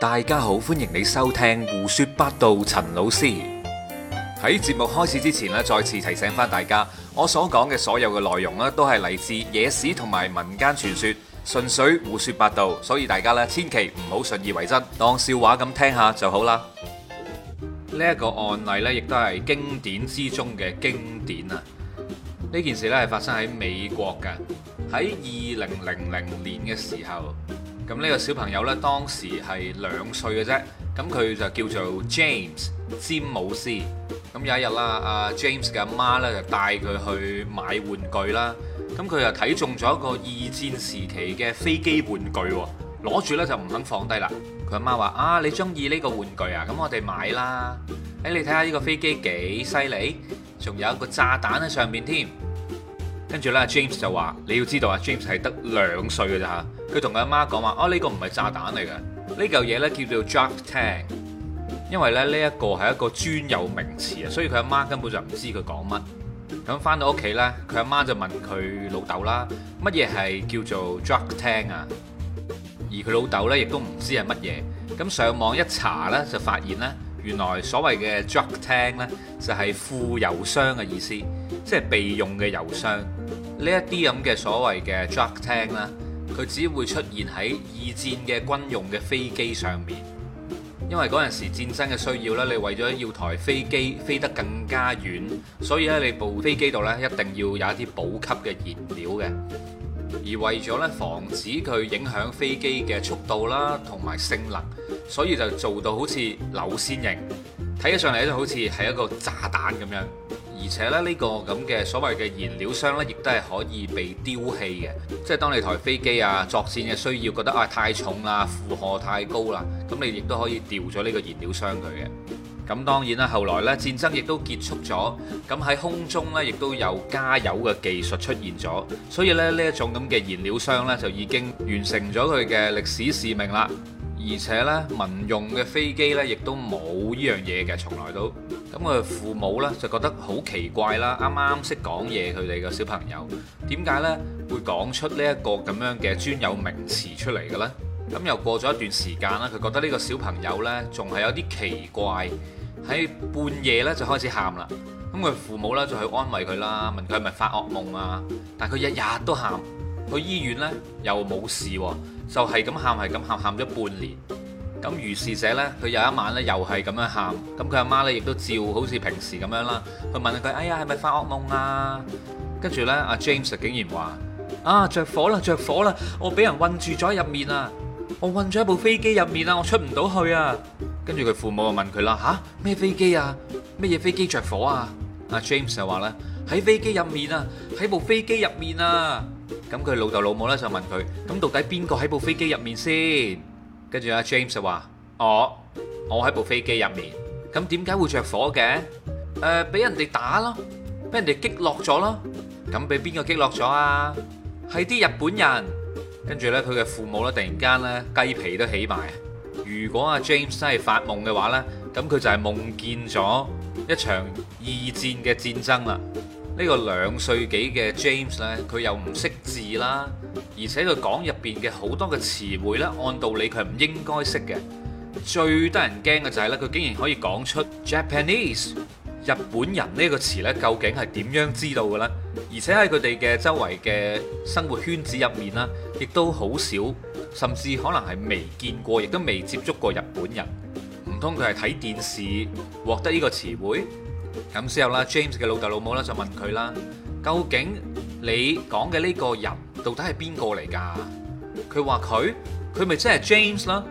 大家好，歡迎你收聽胡說八道。陳老師喺節目開始之前咧，再次提醒翻大家，我所講嘅所有嘅內容咧，都係嚟自野史同埋民間傳說，純粹胡說八道，所以大家咧千祈唔好信以為真，當笑話咁聽下就好啦。呢一個案例咧，亦都係經典之中嘅經典啊！呢件事咧係發生喺美國㗎，喺二零零零年嘅時候。咁呢個小朋友呢，當時係兩歲嘅啫。咁佢就叫做 James，詹姆斯。咁有一日啦，阿、啊、James 嘅阿媽呢，就帶佢去買玩具啦。咁佢又睇中咗一個二戰時期嘅飛機玩具喎，攞住呢就唔肯放低啦。佢阿媽話：啊，你中意呢個玩具啊？咁我哋買啦。誒、哎，你睇下呢個飛機幾犀利，仲有一個炸彈喺上面添。跟住呢 James 就話：你要知道啊，James 係得兩歲嘅咋嚇。佢同佢阿媽講話：哦，呢、呢個唔係炸彈嚟嘅，呢嚿嘢呢叫做 drug tank。因為咧呢一個係一個專有名詞啊，所以佢阿媽根本就唔知佢講乜。咁返到屋企咧，佢阿媽就問佢老豆啦：乜嘢係叫做 drug tank 啊？而佢老豆呢亦都唔知係乜嘢。咁上網一查呢，就發現呢，原來所謂嘅 drug tank 咧就係副油箱嘅意思。即係備用嘅油箱，呢一啲咁嘅所謂嘅 drop tank 啦，佢只會出現喺二戰嘅軍用嘅飛機上面，因為嗰陣時戰爭嘅需要呢，你為咗要台飛機飛得更加遠，所以咧你部飛機度呢，一定要有一啲補給嘅燃料嘅，而為咗呢，防止佢影響飛機嘅速度啦同埋性能，所以就做到好似流線型，睇起上嚟咧好似係一個炸彈咁樣。而且咧呢個咁嘅所謂嘅燃料箱呢，亦都係可以被丟棄嘅。即係當你台飛機啊作戰嘅需要，覺得啊太重啦，負荷太高啦，咁你亦都可以掉咗呢個燃料箱佢嘅。咁當然啦，後來呢戰爭亦都結束咗，咁喺空中呢亦都有加油嘅技術出現咗，所以咧呢一種咁嘅燃料箱呢，就已經完成咗佢嘅歷史使命啦。而且呢民用嘅飛機呢，亦都冇呢樣嘢嘅，從來都。咁佢父母咧就覺得好奇怪啦，啱啱識講嘢佢哋嘅小朋友點解呢？會講出呢一個咁樣嘅專有名詞出嚟嘅咧？咁又過咗一段時間啦，佢覺得呢個小朋友呢，仲係有啲奇怪，喺半夜呢，就開始喊啦。咁佢父母呢，就去安慰佢啦，問佢係咪發噩夢啊？但佢日日都喊，去醫院呢，又冇事喎，就係咁喊，係咁喊，喊咗半年。咁如是者呢，佢有一晚呢又係咁樣喊，咁佢阿媽呢亦都照好似平時咁樣啦，佢問佢：哎呀，係咪發惡夢啊？跟住呢，阿 James 就竟然話：啊，着火啦，着火啦！我俾人困住咗入面啊，我困咗喺部飛機入面啊，我出唔到去啊！跟住佢父母就問佢啦：吓？咩飛機啊？咩嘢飛機着火啊？阿 James 就話呢，喺飛機入面啊，喺部飛機入面啊！咁佢老豆老母呢就問佢：咁到底邊個喺部飛機入面先？跟住阿 James 就話：oh, 我我喺部飛機入面，咁點解會着火嘅？誒、呃，俾人哋打咯，俾人哋擊落咗咯。咁俾邊個擊落咗啊？係啲日本人。跟住呢，佢嘅父母咧，突然間呢，雞皮都起埋。如果阿 James 真係發夢嘅話呢，咁佢就係夢見咗一場二戰嘅戰爭啦。呢、呢個兩歲幾嘅 James 呢，佢又唔識字啦。而且佢講入邊嘅好多嘅詞彙呢，按道理佢唔應該識嘅，最得人驚嘅就係呢，佢竟然可以講出 Japanese 日本人呢個詞呢，究竟係點樣知道嘅呢？而且喺佢哋嘅周圍嘅生活圈子入面啦，亦都好少，甚至可能係未見過，亦都未接觸過日本人，唔通佢係睇電視獲得呢個詞彙？咁之後啦，James 嘅老豆老母咧，就問佢啦，究竟？你講嘅呢個人到底係邊個嚟㗎？佢話佢，佢咪真係 James 囉。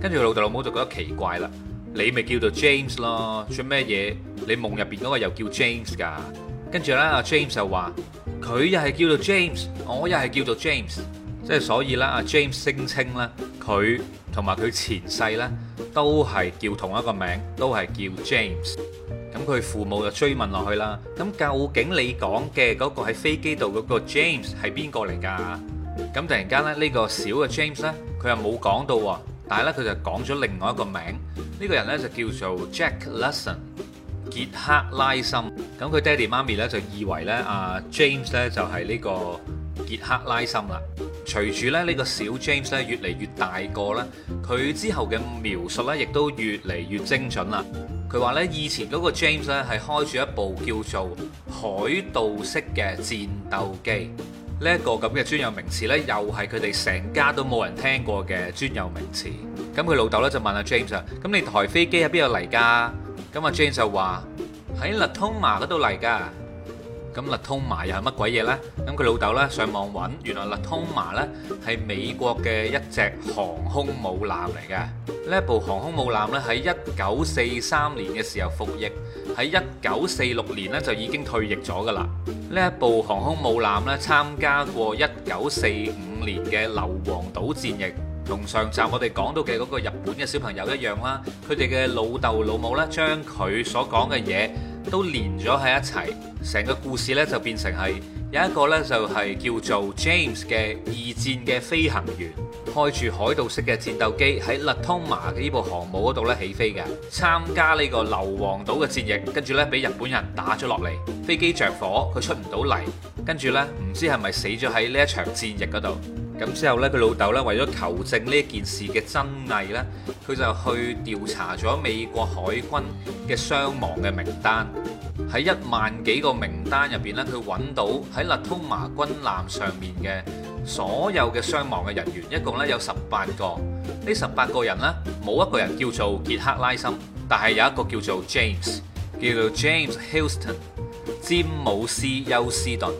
跟住老豆老母就覺得奇怪啦。你咪叫做 James 咯，做咩嘢？你夢入邊嗰個又叫 James 㗎。跟住咧，阿 James 就話：佢又係叫做 James，我又係叫做 James。即係所以咧，阿 James 聲稱咧，佢同埋佢前世咧都係叫同一個名，都係叫 James。咁佢父母就追問落去啦。咁究竟你講嘅嗰個喺飛機度嗰個 James 係邊個嚟㗎？咁突然間咧，呢個小嘅 James 咧，佢又冇講到喎。但係咧，佢就講咗另外一個名。呢、這個人咧就叫做 Jack Lassen，傑克拉森。咁佢爹哋媽咪咧就以為咧，阿 James 咧就係呢個傑克拉森啦。隨住咧呢個小 James 咧越嚟越大個咧，佢之後嘅描述呢亦都越嚟越精準啦。佢話呢，以前嗰個 James 咧係開住一部叫做海盜式嘅戰鬥機，呢、這、一個咁嘅專有名詞呢，又係佢哋成家都冇人聽過嘅專有名詞。咁佢老豆呢，就問阿 James 啊，咁你台飛機喺邊度嚟㗎？咁阿 James 就話喺勒通馬嗰度嚟㗎。咁勒通麻又係乜鬼嘢呢？咁佢老豆呢，上網揾，原來勒通麻呢係美國嘅一隻航空母艦嚟嘅。呢一部航空母艦呢，喺一九四三年嘅時候服役，喺一九四六年呢就已經退役咗噶啦。呢一部航空母艦呢，參加過一九四五年嘅硫磺島戰役。同上集我哋講到嘅嗰個日本嘅小朋友一樣啦，佢哋嘅老豆老母呢，將佢所講嘅嘢都連咗喺一齊，成個故事呢就變成係有一個呢，就係叫做 James 嘅二戰嘅飛行員，開住海盜式嘅戰鬥機喺勒通馬嘅呢部航母嗰度呢起飛嘅，參加呢個硫磺島嘅戰役，跟住呢俾日本人打咗落嚟，飛機着火，佢出唔到嚟，跟住呢，唔知係咪死咗喺呢一場戰役嗰度。咁之後呢，佢老豆呢，為咗求證呢件事嘅真偽呢，佢就去調查咗美國海軍嘅傷亡嘅名單。喺一萬幾個名單入邊呢，佢揾到喺納托馬軍艦上面嘅所有嘅傷亡嘅人員，一共呢有十八個。呢十八個人呢，冇一個人叫做傑克拉森，但係有一個叫做 James，叫做 James Houston，詹姆斯休斯頓。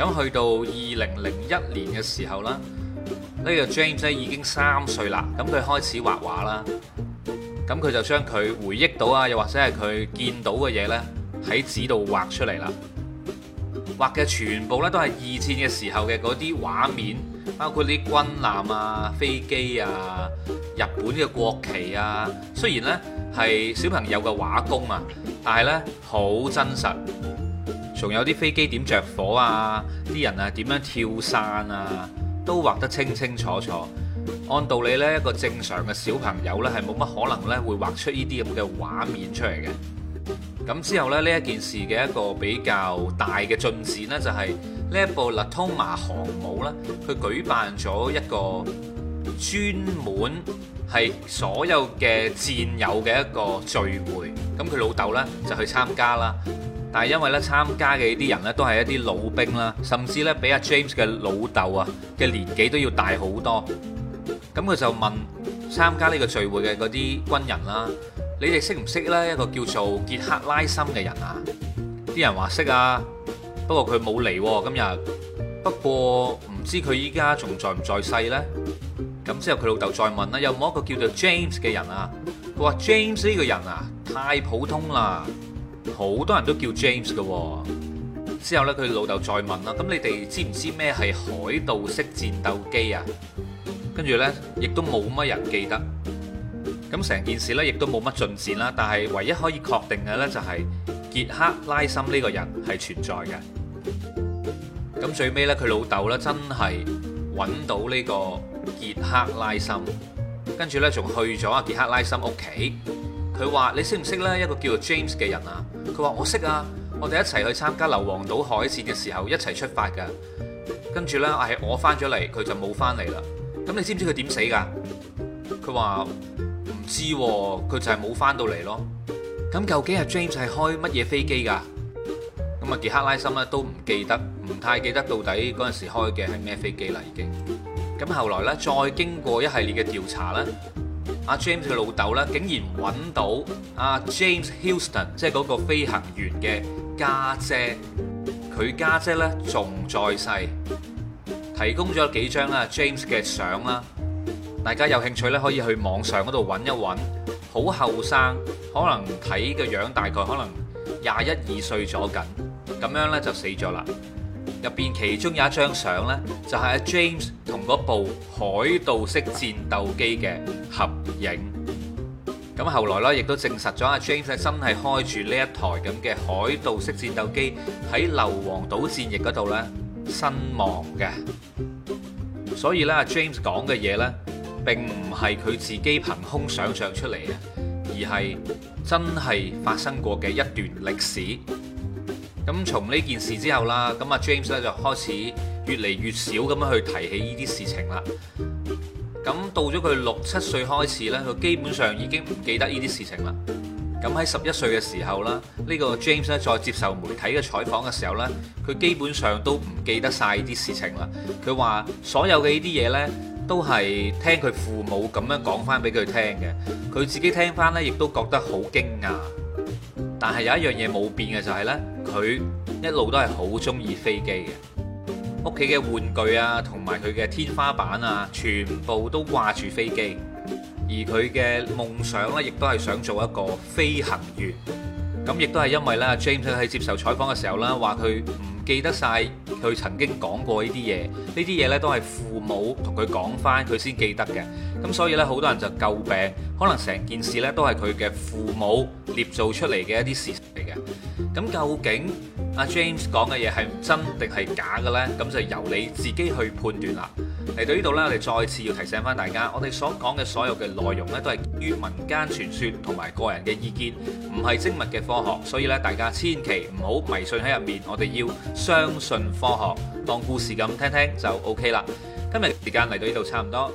咁去到二零零一年嘅時候啦，呢個 James 已經三歲啦，咁佢開始畫畫啦，咁佢就將佢回憶到啊，又或者係佢見到嘅嘢呢，喺紙度畫出嚟啦，畫嘅全部呢，都係二戰嘅時候嘅嗰啲畫面，包括啲軍艦啊、飛機啊、日本嘅國旗啊，雖然呢，係小朋友嘅畫工啊，但係呢，好真實。仲有啲飛機點着火啊！啲人啊點樣跳傘啊，都畫得清清楚楚。按道理呢，一個正常嘅小朋友呢，係冇乜可能呢會畫出呢啲咁嘅畫面出嚟嘅。咁之後呢，呢一件事嘅一個比較大嘅進展呢，就係呢一部勒通馬航母咧，佢舉辦咗一個專門係所有嘅戰友嘅一個聚會。咁佢老豆呢，就去參加啦。但係因為咧參加嘅啲人咧都係一啲老兵啦，甚至咧比阿 James 嘅老豆啊嘅年紀都要大好多。咁佢就問參加呢個聚會嘅嗰啲軍人啦，你哋識唔識咧一個叫做傑克拉森嘅人啊？啲人話識啊，不過佢冇嚟今日。不過唔知佢依家仲在唔在，在世呢。咁之後佢老豆再問啦，有冇一個叫做 James 嘅人啊？佢話 James 呢個人啊太普通啦。好多人都叫 James 嘅喎，之後呢，佢老豆再問啦，咁你哋知唔知咩係海盜式戰鬥機啊？跟住呢，亦都冇乜人記得，咁成件事呢，亦都冇乜進展啦。但係唯一可以確定嘅呢，就係傑克拉森呢個人係存在嘅。咁最尾呢，佢老豆呢，真係揾到呢個傑克拉森，跟住呢，仲去咗阿傑克拉森屋企，佢話你識唔識呢一個叫做 James 嘅人啊？佢話我識啊，我哋一齊去參加硫磺島海戰嘅時候一齊出發噶，跟住呢，係我翻咗嚟，佢就冇翻嚟啦。咁你知唔知佢點死噶？佢話唔知，佢就係冇翻到嚟咯。咁究竟阿 James 係開乜嘢飛機噶？咁啊杰克拉森咧都唔記得，唔太記得到底嗰陣時開嘅係咩飛機啦已經。咁後來呢，再經過一系列嘅調查咧。阿 James 嘅老豆咧，竟然揾到阿 James Houston，即係嗰個飛行員嘅家姐，姐，佢家姐咧仲在世，提供咗幾張啦 James 嘅相啦，大家有興趣咧可以去網上嗰度揾一揾，好後生，可能睇個樣大概可能廿一二歲左右，咁樣咧就死咗啦。入邊其中有一張相呢，就係阿 James 同嗰部海盜式戰鬥機嘅合影。咁後來呢，亦都證實咗阿 James 真係開住呢一台咁嘅海盜式戰鬥機喺硫磺島戰役嗰度呢身亡嘅。所以呢，阿 James 講嘅嘢呢，並唔係佢自己憑空想象出嚟嘅，而係真係發生過嘅一段歷史。咁從呢件事之後啦，咁啊 James 咧就開始越嚟越少咁樣去提起呢啲事情啦。咁到咗佢六七歲開始呢，佢基本上已經唔記得呢啲事情啦。咁喺十一歲嘅時候啦，呢個 James 咧再接受媒體嘅採訪嘅時候呢，佢基本上都唔記得晒呢啲事情啦。佢話所有嘅呢啲嘢呢，都係聽佢父母咁樣講翻俾佢聽嘅，佢自己聽翻呢，亦都覺得好驚訝。但係有一樣嘢冇變嘅就係呢。佢一路都係好中意飛機嘅，屋企嘅玩具啊，同埋佢嘅天花板啊，全部都掛住飛機。而佢嘅夢想呢，亦都係想做一個飛行員。咁亦都係因為啦，James 喺接受採訪嘅時候啦，話佢唔記得晒佢曾經講過呢啲嘢。呢啲嘢呢，都係父母同佢講翻，佢先記得嘅。咁所以呢，好多人就詬病，可能成件事呢，都係佢嘅父母捏造出嚟嘅一啲事嚟嘅。咁究竟阿 James 講嘅嘢係真定係假嘅咧？咁就由你自己去判斷啦。嚟到呢度咧，我哋再次要提醒翻大家，我哋所講嘅所有嘅內容咧，都係基於民間傳說同埋個人嘅意見，唔係精密嘅科學，所以咧，大家千祈唔好迷信喺入面。我哋要相信科學，當故事咁聽聽就 OK 啦。今日時間嚟到呢度差唔多。